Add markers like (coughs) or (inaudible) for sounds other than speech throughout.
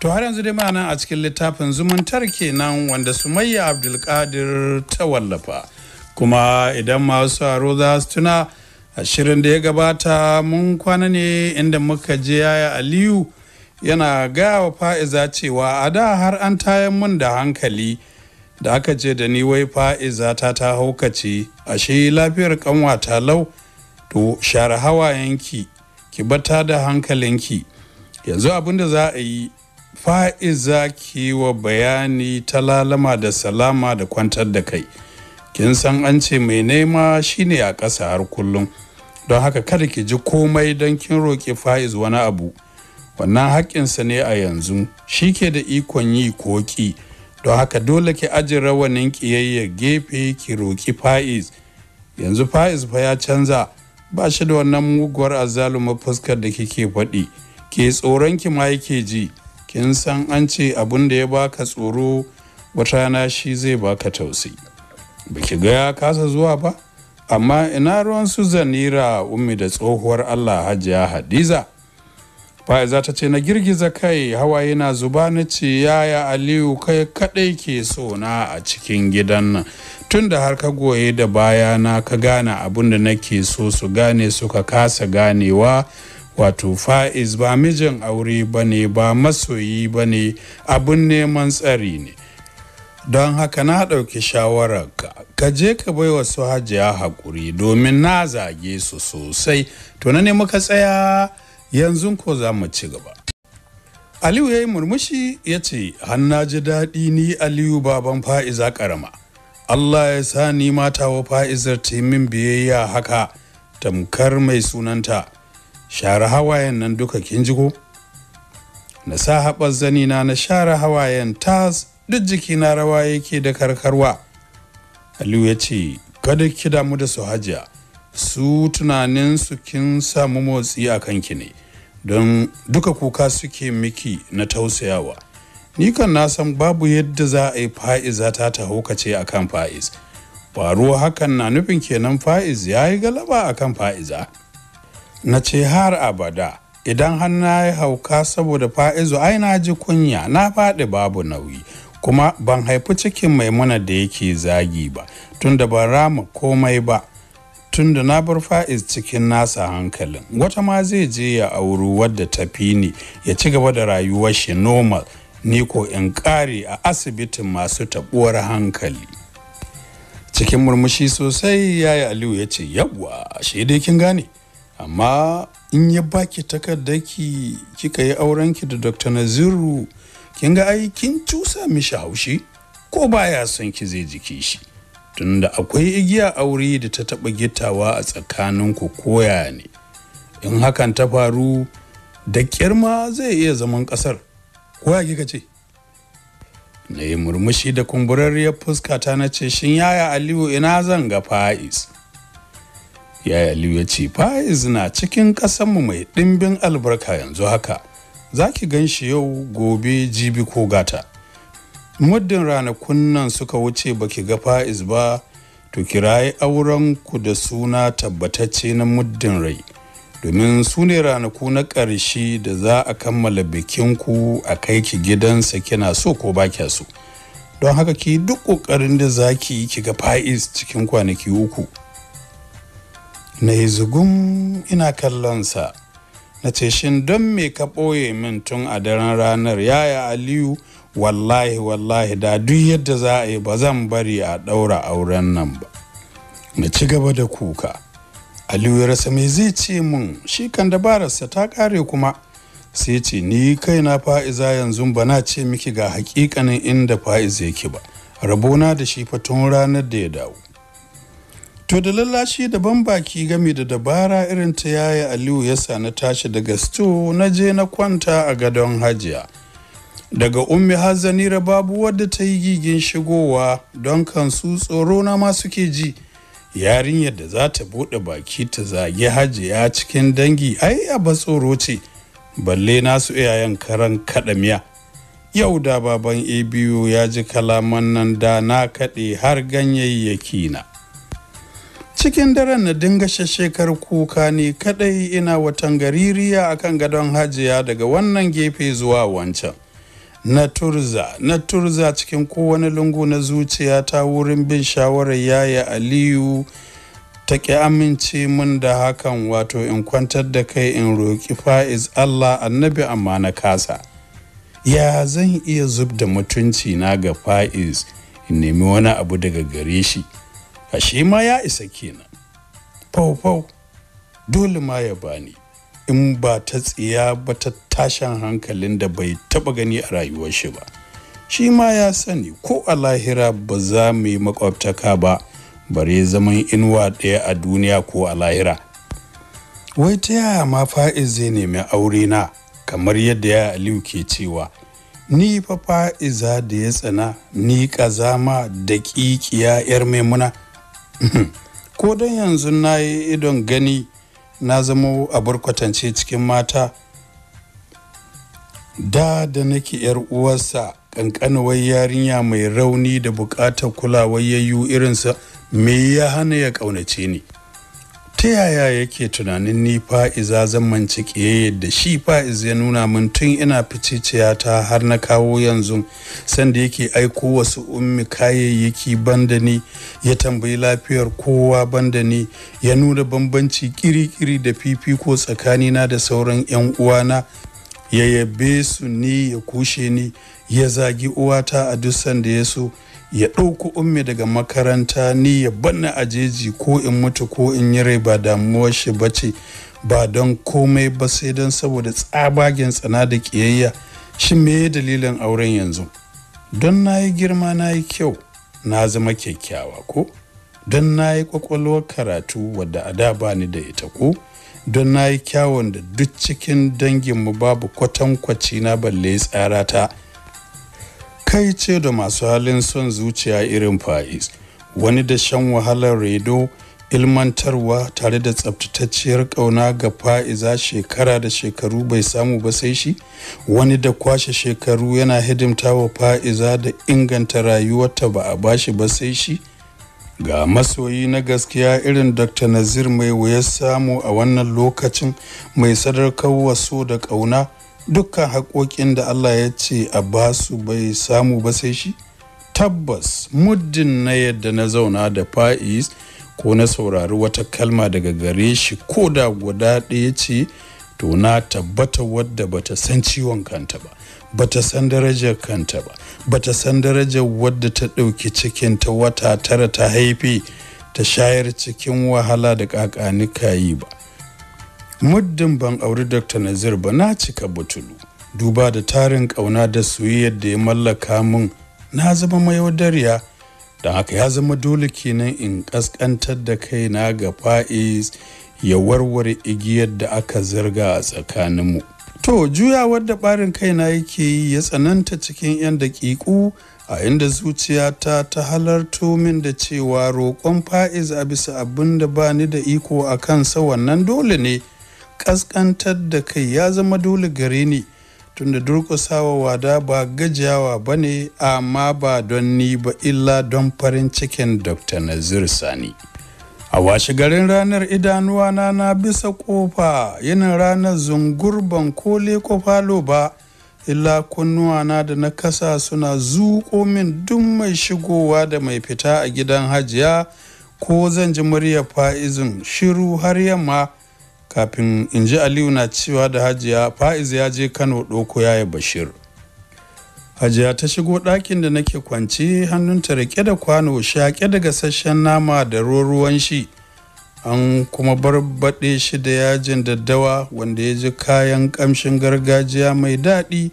to har yanzu dai ma'ana a cikin littafin zumuntar kenan wanda sumayya abdulkadir ta wallafa kuma idan masu aro za su tuna ashirin da ya gabata mun kwana ne inda muka je yaya aliyu yana gaya wa fa'iza cewa a da har an tayan mun da hankali da aka ce da ni wai fa'iza ta ta haukace ashe lafiyar kanwa ta lau to share hawayenki ki bata da hankalinki yanzu abin da za a yi fa'iza ki wa bayani ta lalama da salama da kwantar da kai kin san an ce mai nema shine a ƙasa har kullum don haka kada ki ji komai don kin roƙi fa'iz wani abu wannan haƙƙinsa ne a yanzu shi ke da ikon yi koki don haka dole ki aji rawanin ƙiyayya gefe ki roƙi fa'iz yanzu fa'iz fa ya canza ba shi da wannan muguwar azzalumin fuskar da kike faɗi ke tsoron ki ma yake ji kin san an ce abin da ya baka tsoro wata rana shi zai baka ba baki ga ya kasa zuwa ba amma ina ruwan su zanira ummi da tsohuwar allah hajiya hadiza fa'iza ta ce na girgiza kai hawa yana zuba na ce yaya aliyu kai kadai ke so na a cikin gidan nan tun da har ka goye da baya na ka gane abun da nake so su gane suka kasa ganewa wato fa'iz ba mijin aure ba ne ba masoyi ba ne abin neman tsari ne don haka na ɗauki shawararka ka je ka bai wa su hajiya haƙuri domin na zage su sosai to na nemi ka tsaya yanzu ko za mu ci gaba aliyu ya yi murmushi ya ce hanna ji daɗi ni aliyu baban fa'iza ƙarama allah ya sa ni mata wa fa'izar min biyayya haka tamkar mai sunanta share hawayen nan duka kin ji ko na sa haɓar zanina na share hawayen tas duk jikina rawa yake da karkarwa aliyu ya ce kada ki damu da su hajiya su tunanin su kin samu motsi a kanki ne don duka kuka suke miki na tausayawa ni kan na san babu yadda za a yi fa'iza ta ta haukace a kan fa'iz faruwa hakan na nufin kenan fa'iz ya yi galaba a kan fa'iza na ce har abada idan hanna ya hauka saboda fa'izu ai na ji kunya na faɗi babu nauyi kuma ban haifi cikin maimuna da yake zagi ba tunda ban rama komai ba tunda na bar fa'iz cikin nasa hankalin wata ma zai je ya auru wadda ta fi ni ya ci gaba da rayuwar shi normal ni ko in ƙare a asibitin masu taɓuwar hankali cikin murmushi sosai yayi aliyu ya ce yawwa shi dai kin gane amma in ya baki takardar ki kika yi auren ki da dr naziru kin ga ai kin cusa mishi haushi ko baya son ki zai jiki shi tunda akwai igiya aure da ta taba gittawa a tsakanin ku koya ne in hakan ta faru da kirma zai iya zaman kasar koya kika ce na yi murmushi da kumburarriyar fuskata na ce shin yaya aliyu ina zan ga fa'is yaya aliyu ya ce faiz na cikin ƙasanmu mai ɗimbin albarka yanzu haka za ki gan shi yau gobe jibi ko gata muddin ranakun nan suka wuce ba ki ga faiz ba to kirayi auren ku da suna tabbatacce na muddin rai domin su ne ranaku na ƙarshe da za a kammala bikinku a kai ki gidansa kina so ko ba kya so don haka ki duk ƙoƙarin da za ki yi ki ga faiz cikin kwanaki uku na yi zugun ina kallonsa na ce shin don me ka ɓoye min tun a daren ranar yaya aliyu wallahi wallahi da duk yadda za a yi ba zan bari a ɗaura auren nan ba na ci gaba da kuka aliyu ya rasa mai zai ce mun shi kan dabararsa ta ƙare kuma sai ce ni kai na fa'iza yanzu ba na ce miki ga hakikanin inda faiza yake ba rabona da shi fa tun ranar da ya dawo To da lallashi daban baki game da dabara irin ta yaya Aliyu ya sa na tashi daga sto na je na kwanta a gadon hajiya. Daga ummi zanira babu wadda ta yi gigin shigowa don kansu tsoro na ma suke ji. Yarinyar da za ta buɗe baki ta zagi hajiya cikin dangi ai a ba tsoro ce balle nasu iyayen karan kaɗa miya. Yau da baban ABU ya ji kalaman nan da na kaɗe har ganyayyaki na. cikin daren na dinga shekar kuka ne kadai ina watan gaririya akan gadon hajiya daga wannan gefe zuwa wancan na turza na turza cikin kowane lungu na zuciya ta wurin bin shawarar yaya aliyu ta ƙi amince mun da hakan wato in kwantar da kai in roƙi fa'iz allah annabi amma na kasa ya zan iya zub da mutunci na ga fa'iz in nemi wani abu daga gare shi ashe ma ya isa kenan fau-fau dole ma ya bani in ba ta tsiya ba ta tashin hankalin da bai taba gani a rayuwar shi ba shi ma ya sani ko a lahira ba za mu yi makwabtaka ba bare zaman inuwa ɗaya a duniya ko a lahira wai ta yaya ma fa'iz zai nemi aure na kamar yadda ya aliyu ke cewa ni fa fa'iza da ya tsana ni ƙazama da ƙiƙiya 'yar maimuna (coughs) ko don yanzu na yi idon gani na zama a burkwatance cikin mata da da nake yar uwarsa kankanuwar yarinya mai rauni da bukatar kulawar yayyu irinsa me ya hana ya kaunace ni ta yaya yake tunanin ni fa'iza zan mance kiyaye da shi fa'iz ya nuna min tun ina ficiciya ta har na kawo yanzu sanda yake aiko wasu ummi kayayyaki banda ni ya tambayi lafiyar kowa banda ni ya nuna bambanci kiri-kiri da fifiko tsakanina da sauran 'yan uwana ya yabe su ni ya kushe ni ya zagi uwata a duk sanda ya so ya ɗauko ummi daga makaranta ni ya banna a jeji ko in mutu ko in yi rai ba damuwar shi ba ce ba don komai ba sai don saboda tsabagen tsana da ƙiyayya shi me dalilin auren yanzu don na yi girma na yi kyau na zama kyakkyawa ko don na yi ƙwaƙwalwar karatu wadda a da ba ni da ita ko don na yi kyawun da duk cikin danginmu babu kwatankwaci na balle tsara ta kai ce da masu halin son zuciya irin fa'is wani da shan wahalar redo ilmantarwa tare da tsabtatacciyar kauna ga fa'iza shekara da shekaru bai samu ba sai shi wani da kwashe shekaru yana hidimta wa fa'iza da inganta rayuwarta ba a bashi ba sai shi ga masoyi na gaskiya irin dr nazir mai wuya samu a wannan lokacin mai sadarkar so da kauna. dukkan haƙoƙin da Allah ya ce a basu bai samu ba sai shi tabbas muddin na yadda na zauna da fa'is ko na saurari wata kalma daga gare shi ko da guda ɗaya ce to na tabbata wadda bata san ciwon kanta ba bata san darajar kanta ba bata san darajar wadda ta ɗauki cikin ta wata tara ta haife ta shayar cikin wahala da ƙaƙani yi ba muddin ban auri dr nazir ba na cika butulu duba da tarin kauna da soyayyar da ya mallaka mun na zama mayaudariya don haka ya zama dole kenan in ƙasƙantar da kaina ga fa'iz ya warware igiyar da aka zarga a tsakaninmu to juyawar da ɓarin kaina yake yi ya tsananta cikin 'yan daƙiƙu a inda zuciyata ta halarto min da cewa roƙon fa'iz a bisa abin da ba ni da iko a kansa wannan dole ne ƙasƙantar da kai ya zama dole gare ni tunda durƙusawa wada ba gajiyawa ba ne amma ba don ni ba illa don farin cikin dr nazir sani a washe garin ranar idanuwana na bisa ƙofa yana ranar zungurban kole kofalo ba illa kunnuwana da na kasa suna zuƙo min duk mai shigowa da mai fita a gidan hajiya ko zan ji murya fa'izin shiru har yamma kafin in ji aliyu na cewa da hajiya fa'iz ya je kano ɗoko yi bashir hajiya ta shigo ɗakin da nake kwanci hannunta rike da kwano shaƙe da gasasshen nama da ruwan shi an kuma barbaɗe shi da yajin daddawa wanda ya ji kayan ƙamshin gargajiya mai daɗi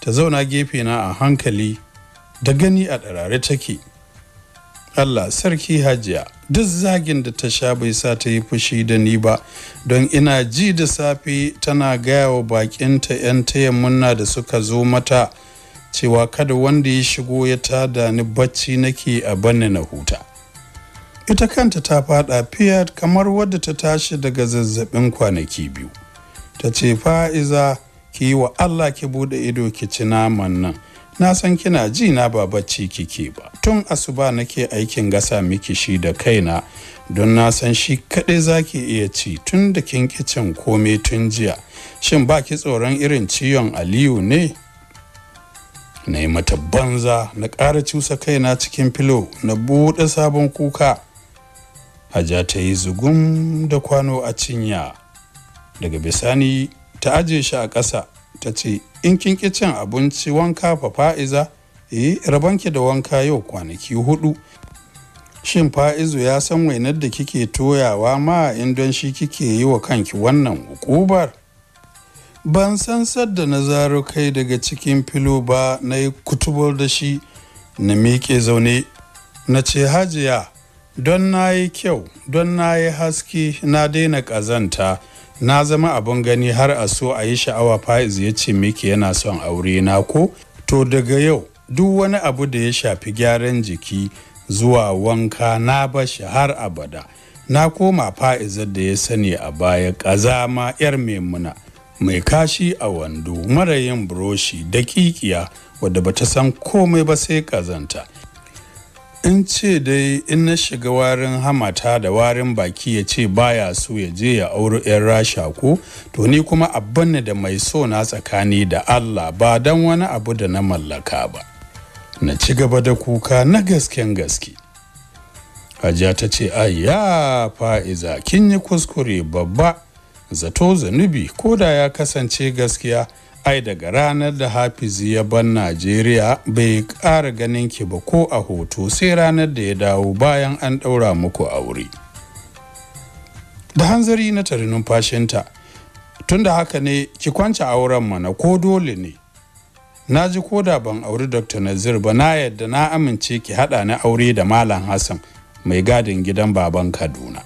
ta zauna gefe na a hankali da gani a ɗarare take Allah sarki hajiya duk zagin da ta sha bai sa ta yi fushi da ni ba don ina ji da safe tana gaya wa bakinta 'yan tayan munna da suka zo mata cewa kada wanda ya shigo ya tada ni bacci nake a bane na huta ita kanta ta fada fiyar kamar wadda ta tashi daga zazzabin kwanaki biyu ta ce fa'iza ki yi wa Allah ki bude ido ki ci naman nan na san kina ji na ba bacci kike ba tun asuba nake aikin gasa miki shi da kaina don na san shi kaɗai zaki iya ci tun da kin kicin komai tun jiya shin ba ki tsoron irin ciwon aliyu ne na yi mata banza na ƙara cusa kaina cikin filo na buɗe sabon kuka hajja ta yi zugun da kwano a cinya daga bisani ta aje shi a ƙasa ta ce in kin ki cin abinci wanka fa fa'iza eh rabanki da wanka yau kwanaki hudu shin fa'izu ya san wainar da kike toyawa ma in don shi kike yi wa kanki wannan hukubar ban san sadda na zaro kai daga cikin filo ba na yi kutubar da shi na miƙe zaune na ce hajiya don na yi kyau don na yi haske na daina ƙazanta na zama abin gani har a so a yi sha'awa faiz ya ce miki yana son aure na ko to daga yau duk wani abu da ya shafi gyaran jiki zuwa wanka na bashi har abada na koma fa'izar da ya sani a baya ma 'yar memuna mai kashi a wando mara yin buroshi da kikiya wadda bata san komai ba sai kazanta. in ce dai in na shiga warin hamata da warin baki ya ce baya so ya je ya auri 'yan rasha ko to ni kuma abin da mai so na tsakani da allah ba don wani abu da na mallaka ba na ci gaba da kuka na gasken gaske hajiya ta ce ayya fa'iza kin yi kuskure babba zato zanubi ko da ya kasance gaskiya ai daga ranar da hafizi ya ban najeriya bai ƙara ganin ki ba ko a hoto sai ranar da ya dawo bayan an ɗaura muku aure da hanzari na tari numfashinta da haka ne ki kwanci auren mana ko dole ne na ji ko da ban auri dr nazir ba na yadda na amince ki haɗa ni aure da malam hassan mai gadin gidan baban kaduna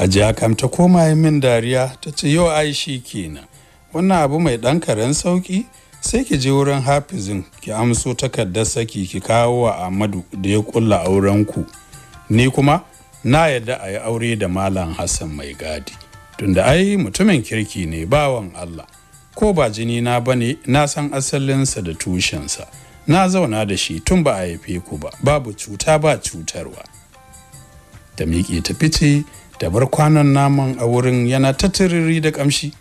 a jiya ta koma min dariya ta ce yau ai kenan wannan abu mai ɗan karen sauƙi sai ki je wurin hafizin ki amso takardar saki ki kawo wa Ahmadu da ya kulla aurenku ni kuma na yarda a yi aure da Malam Hassan mai gadi tunda ai mutumin kirki ne bawan Allah ko ba jini na bane na san asalinsa da tushensa na zauna da shi tun ba a haife ku ba babu cuta ba cutarwa da miƙe ta fice da bar kwanan naman a wurin yana ta tiriri da ƙamshi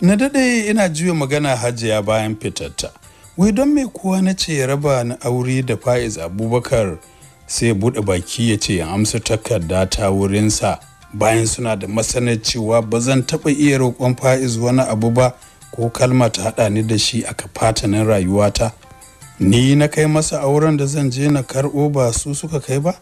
na dade ina juya magana hajiya bayan fitatta. wai don me kuwa na ce ya raba na aure da fa'iz abubakar sai ya buɗe baki ya ce ya amsa takarda ta wurinsa bayan suna da masanar cewa ba zan taɓa iya roƙon fa'iz wani abu ba ko kalma ta haɗa ni da shi a kafatanin rayuwata ni na kai masa auren da zan je na karɓo ba su suka kai ba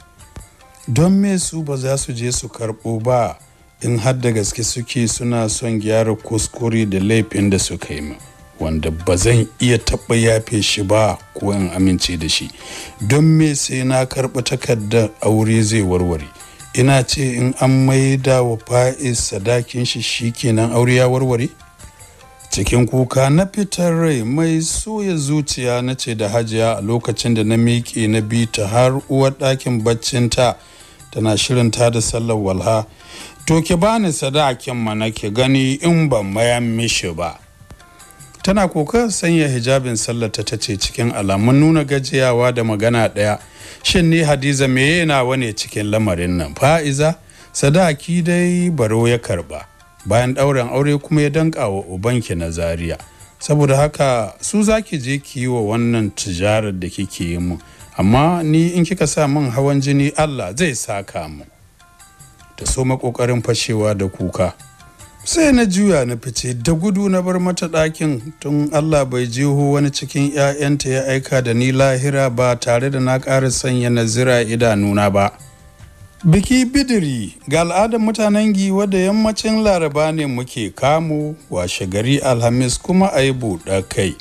don me su ba za su je su karɓo ba in har da gaske suke suna son gyara kuskure da laifin da suka yi wanda ba zan iya taɓa yafe shi ba ko in amince da shi don me sai na karɓi takardar aure zai warware ina ce in an maida wa fa'is sadakin shi shikenan aure ya warware cikin kuka na fitar rai mai soya zuciya na ce da hajiya a lokacin da na miƙe na bi ta har uwar ɗakin baccinta tana shirin ta da sallar walha to ki bani sadakin mana ki gani in ban mayan mishi ba tana kokarin sanya hijabin sallata ta ce cikin alamun nuna gajiyawa da magana ɗaya shin ni hadiza me yana wane cikin lamarin nan fa'iza sadaki dai baro ya karba bayan ɗaurin aure kuma ya danka wa ubanki na zaria saboda haka su zaki je ki yi wa wannan tijarar da kike yi mu amma ni in kika sa min hawan jini allah zai saka mu ta soma ƙoƙarin fashewa da kuka sai na juya na fice da gudu na bar mata ɗakin tun allah bai jeho wani cikin 'ya'yanta ya aika da ni lahira ba tare da na ƙara sanya nazira idanuna ba biki bidiri ga al'adar mutanen giwa da yammacin laraba ne muke kamu washe gari alhamis kuma a yi buɗa kai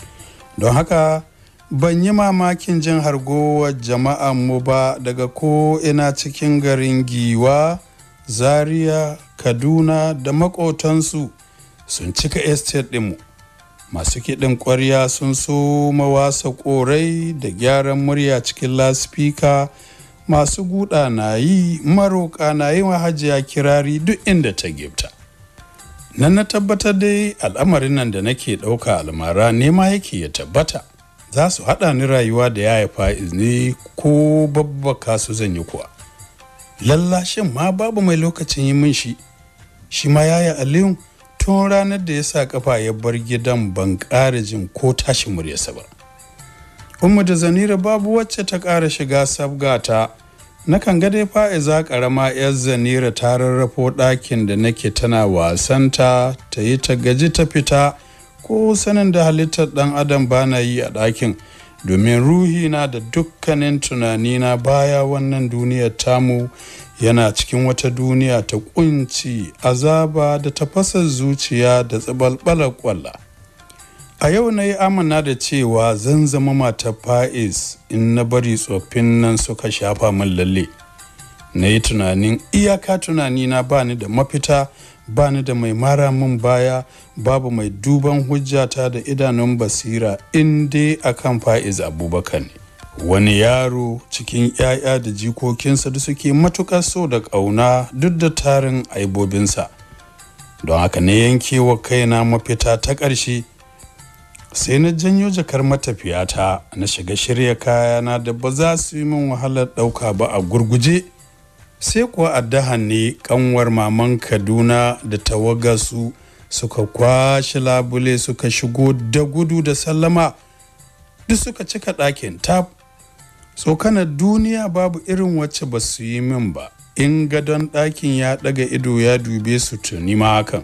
don haka ban yi mamakin jin hargowar jama'an mu ba daga ko ina cikin garin giwa zaria kaduna da makotansu sun cika estate mu. masu kiɗin ƙwarya sun so mawasa ƙorai da gyaran murya cikin laspika masu guda na yi maroƙa na yi mahajiya kirari duk inda ta gifta nan na tabbatar dai al'amarin nan da nake ɗauka almara nema yake ya tabbata za su haɗa ni rayuwa da ya haifa izini ko babbaka su zan yi kuwa lallashin ma babu mai lokacin yi min shi shi ma yaya aliyu, tun ranar da ya sa kafa ya bar gidan ban ƙara jin ko tashi muryarsa ba umma da zanira babu wacce ta ƙara shiga sabgata nakan ga dai fa'iza ƙarama 'yar zanira ta rarrafo ɗakin da nake tana wasanta ta yi ta gaji ta fita ko sanin da halittar ɗan adam bana yi a ɗakin domin ruhina da dukkanin tunanina baya wannan duniyar tamu yana cikin wata duniya ta kunci azaba da tafasar zuciya da tsibalbalar kwalla a yau na yi amana da cewa zan zama mata fa'is in na bari tsoffin nan suka shafa min lalle na yi tunanin iyaka tunanina ba ni da mafita Bani da mai mara min baya babu mai duban hujjata da idanun basira in dai akan fa'iz abubakar ne wani yaro cikin 'ya'ya da jikokinsa da suke matuƙar so da ƙauna duk da tarin aibobinsa don haka ne yankewa kaina mafita ta ƙarshe sai na janyo jakar matafiyata na shiga shirya kayana da ba za su yi min wahalar ɗauka ba a gurguje sai kuwa addahan ne kanwar maman kaduna da tawagasu suka kwashe labule suka shigo da gudu da sallama duk suka cika ɗakin tab tsokanar duniya babu irin wacce ba su yi min ba in gadon ɗakin ya ɗaga ido ya dube su tuni ma hakan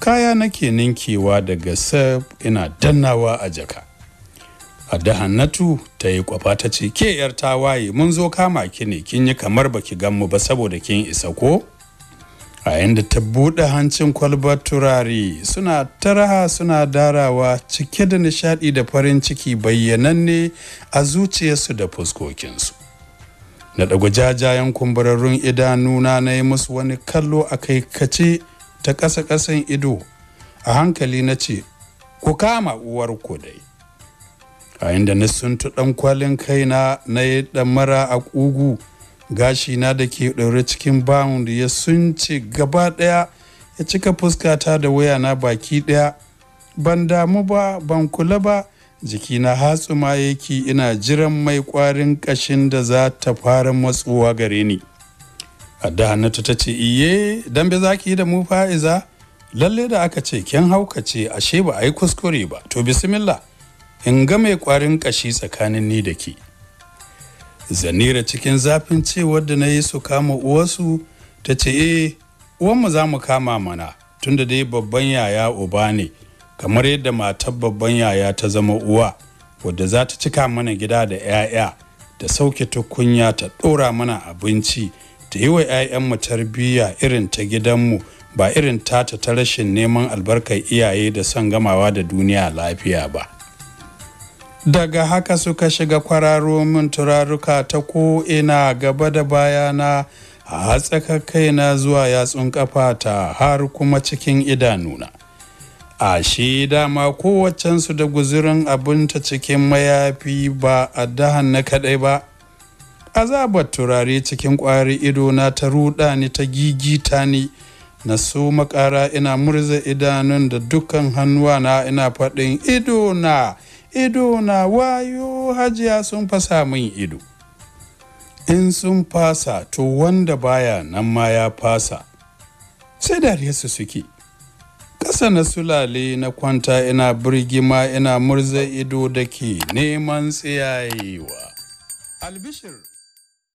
kaya nake ninkewa daga sab ina dannawa a jaka A da hannatu ta yi kwafa ta ce ke yar tawaye mun zo kama ki ne kin yi kamar ba ki gan mu ba saboda kin isa ko a yanda ta buɗe hancin kwalbar turare suna taraha suna darawa cike da nishaɗi da farin ciki bayyananne a zuciyarsu da fuskokinsu na ɗago jajayen kumburarrun idanuna na yi musu wani kallo a kai kace ta ƙasa-ƙasan ido a hankali na ce ku kama uwarku dai yayin da na suntu ɗan kwalin kaina na yi mara a ƙugu gashina da ke ɗaure cikin bound ya sunce gaba ɗaya ya cika fuskata da wayana baki ɗaya ban damu ba ban kula ba jiki jikina hatsuma yake ina jiran mai ƙwarin ƙashin da za ta fara matsuwa gare ni a da hannatu ta ce iye dambe za ki yi da mu fa'iza lalle da aka ce kyan hauka ce ashe ba a yi kuskure ba to bismillah in ga mai kwarin kashi tsakanin ni da ke zanira cikin zafin cewa wadda na yi su kama uwarsu ta ce e uwanmu za mu kama mana tunda dai babban yaya uba ne kamar yadda matar babban yaya ta zama uwa wadda za ta cika mana gida da 'ya'ya ta sauke tukunya ta ɗora mana abinci ta yi wa 'ya'yanmu tarbiyya irin ta gidanmu ba irin tata ta rashin neman albarkar iyaye da son gamawa da duniya lafiya ba. daga haka suka shiga kwararo min turaruka ta ko'ina gaba da bayana a kaina zuwa yatsun ƙafata har kuma cikin idanuna a shi dama kowaccensu da guzurin abinta cikin mayafi ba a dahan na kadai ba azabar turare cikin kwari ido na ta ruɗa ni ta gigita ni na so makara ina murza idanun da dukkan hannuwa na ina faɗin idona ido na wayo hajiya sun fasa min ido in sun fasa to wanda baya nan ma ya fasa sai dariyarsu suke ƙasa na sulale na kwanta ina birgima ina murza ido da ke neman tsayayewa albishir